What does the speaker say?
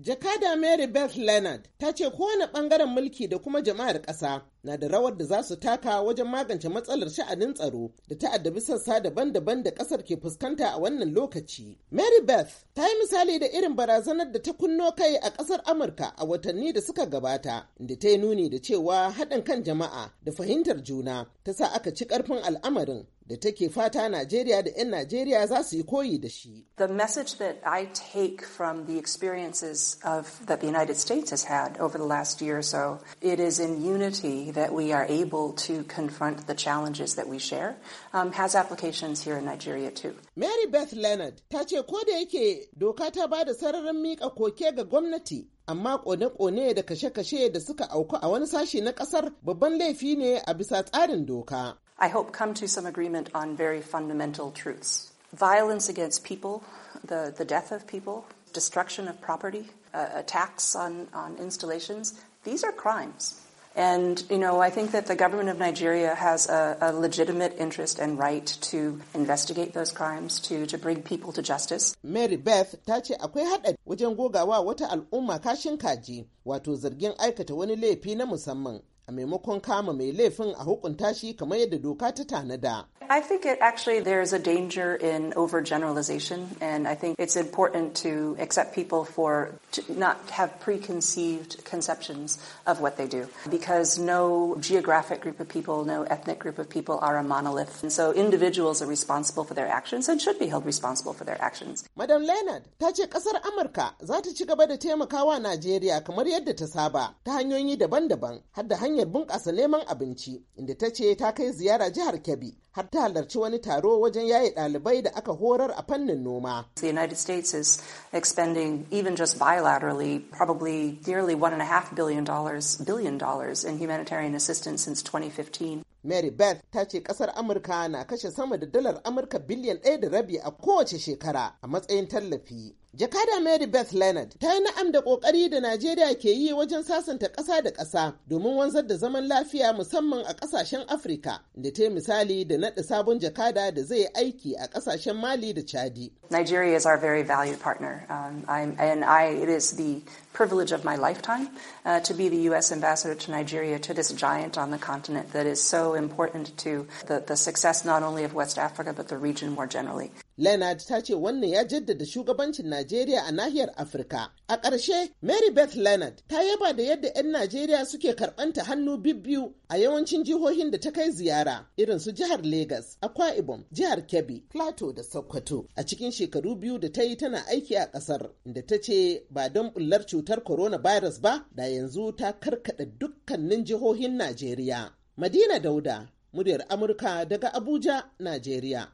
Jakada Mary Beth Leonard ta ce kowane ɓangaren mulki da kuma jama'ar ƙasa na da rawar da za su taka wajen magance matsalar sha'anin tsaro da ta addabi sassa daban-daban da ƙasar ke fuskanta a wannan lokaci. Mary Beth ta yi misali da irin barazanar da ta kunno kai a ƙasar Amurka a watanni da suka gabata, inda ta yi nuni da cewa haɗin kan jama'a da fahimtar juna ta sa aka ci ƙarfin al'amarin da take fata Najeriya da 'yan Najeriya za su yi koyi da shi. The message that I take from the experiences of that the United States has had over the last year or so, it is in unity that we are able to confront the challenges that we share, um, has applications here in Nigeria too. Mary Beth Leonard ta ce ko da yake doka ta ba da sararin miƙa koke ga gwamnati amma kone-kone da kashe-kashe da suka auku a wani sashi na kasar babban laifi ne a bisa tsarin doka I hope, come to some agreement on very fundamental truths. Violence against people, the, the death of people, destruction of property, uh, attacks on, on installations, these are crimes. And, you know, I think that the government of Nigeria has a, a legitimate interest and right to investigate those crimes, to, to bring people to justice. Mary Beth ta ce akwai haɗa wajen gogawa wata al'umma kashin kaji, wato zargin aikata wani laifi na musamman a maimakon kama mai laifin a hukunta shi kamar yadda doka ta tanada. I think it actually there's a danger in overgeneralization, and I think it's important to accept people for to not have preconceived conceptions of what they do, because no geographic group of people, no ethnic group of people are a monolith, and so individuals are responsible for their actions and should be held responsible for their actions. Madam Leonard ta ce kasar Amurka za ta ci gaba da taimakawa Najeriya kamar yadda ta saba ta hanyoyi daban-daban har da hanyar hanyar bunƙasa neman abinci inda ta ce ta kai ziyara jihar Kebbi har ta halarci wani taro wajen yaye ɗalibai da aka horar a fannin noma. The United States is expending even just bilaterally probably nearly one and a half billion dollars billion dollars in humanitarian assistance since 2015. Mary Beth ta ce ƙasar Amurka na kashe sama da dalar Amurka biliyan ɗaya da rabi a kowace shekara a matsayin tallafi. Jakada Mary Beth Leonard ta yi na'am da kokari da Najeriya ke yi wajen sasanta ƙasa da ƙasa domin wanzar da zaman lafiya musamman a ƙasashen Afirka da ta misali da naɗa sabon jakada da zai aiki a ƙasashen Mali da Chadi. Nigeria is our very valued partner um, and I, it is the privilege of my lifetime uh, to be the U.S. ambassador to Nigeria to this giant on the continent that is so important to the, the success not only of West Africa but the region more generally. Leonard ta ce wannan ya jaddada shugabancin Najeriya Najeriya a nahiyar Afirka. A ƙarshe, Mary Beth Leonard ta yaba da yadda 'yan Najeriya suke karɓanta hannu bibbiyu a yawancin jihohin da ta kai ziyara, irin su jihar Legas, Akwa Ibom, jihar Kebbi, Plateau da Sokoto. A cikin shekaru biyu da ta yi tana aiki a ƙasar, da ta ce ba don bullar cutar coronavirus ba, da yanzu ta karkaɗa dukkanin jihohin Najeriya. Madina Dauda, muryar Amurka daga Abuja, Najeriya.